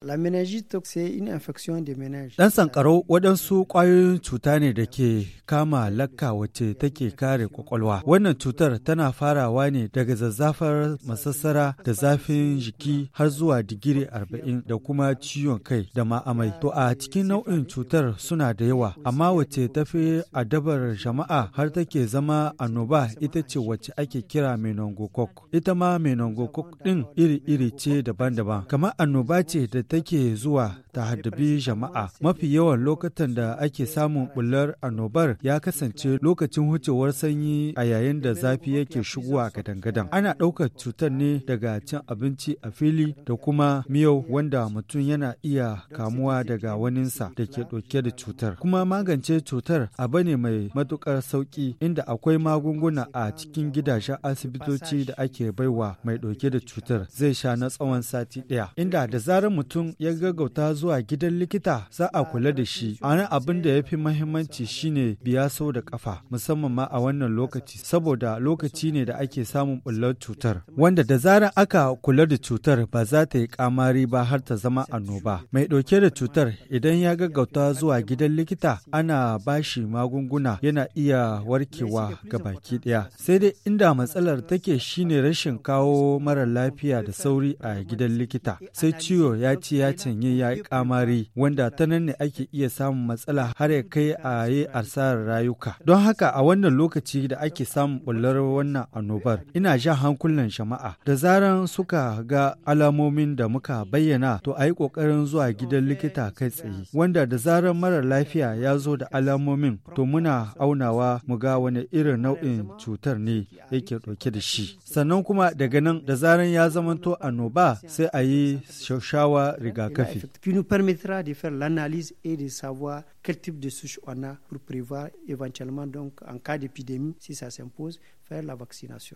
de Ɗan sankarau waɗansu ƙwayoyin cuta ne da ke kama lakka wacce take kare kwakwalwa. Wannan cutar tana farawa ne daga zazzafar masassara da zafin jiki har zuwa digiri arba'in da kuma ciwon kai da ma'amai. To a cikin nau'in cutar suna da yawa, amma wacce tafi dabar jama'a har take zama annoba ita ce wace ake kira meningococc. Ita ma meningococc ɗin iri-iri ce daban-daban, kamar annoba ce da take zuwa ta haddabi jama'a mafi yawan lokacin da ake samun bullar annobar ya kasance lokacin hucewar sanyi a yayin da zafi yake shigowa gadan-gadan ana ɗaukar cutar ne daga cin abinci a fili da kuma miyau wanda mutum yana iya kamuwa daga waninsa da ke ɗauke da cutar kuma magance cutar abu ne mai matuƙar sauƙi inda akwai magunguna a cikin gidajen asibitoci da ake baiwa mai ɗauke da cutar zai sha na tsawon sati ɗaya inda da zarar mutum mutum ya gaggauta zuwa gidan likita za a kula da shi. ana abin da ya fi mahimmanci shine biya sau da kafa musamman ma a wannan lokaci saboda lokaci ne da ake samun bullar cutar wanda da zarar aka kula da cutar ba za ta yi kamari ba har ta zama annoba. Mai ɗauke da cutar idan ya gaggauta zuwa gidan likita ana bashi magunguna yana iya warkewa ga baki ɗaya. Sai dai inda matsalar take shine rashin kawo mara lafiya da sauri a gidan likita sai ciwo ya ci ce ya canye ya yi kamari wanda ta nan ne ake iya samun matsala har ya kai a yi asarar rayuka. Don haka a wannan lokaci da ake samun bullar wannan annobar ina jan hankulan jama'a da zaran suka ga alamomin da muka bayyana to a yi ƙoƙarin zuwa gidan likita kai tsaye wanda da zaran marar lafiya ya zo da alamomin to muna aunawa mu ga wani irin nau'in cutar ne yake ɗauke da shi sannan kuma daga nan da zaran ya zamanto annoba sai a yi shaushawa qui nous permettra de faire l'analyse et de savoir quel type de souche on a pour prévoir éventuellement donc en cas d'épidémie si ça s'impose faire la vaccination.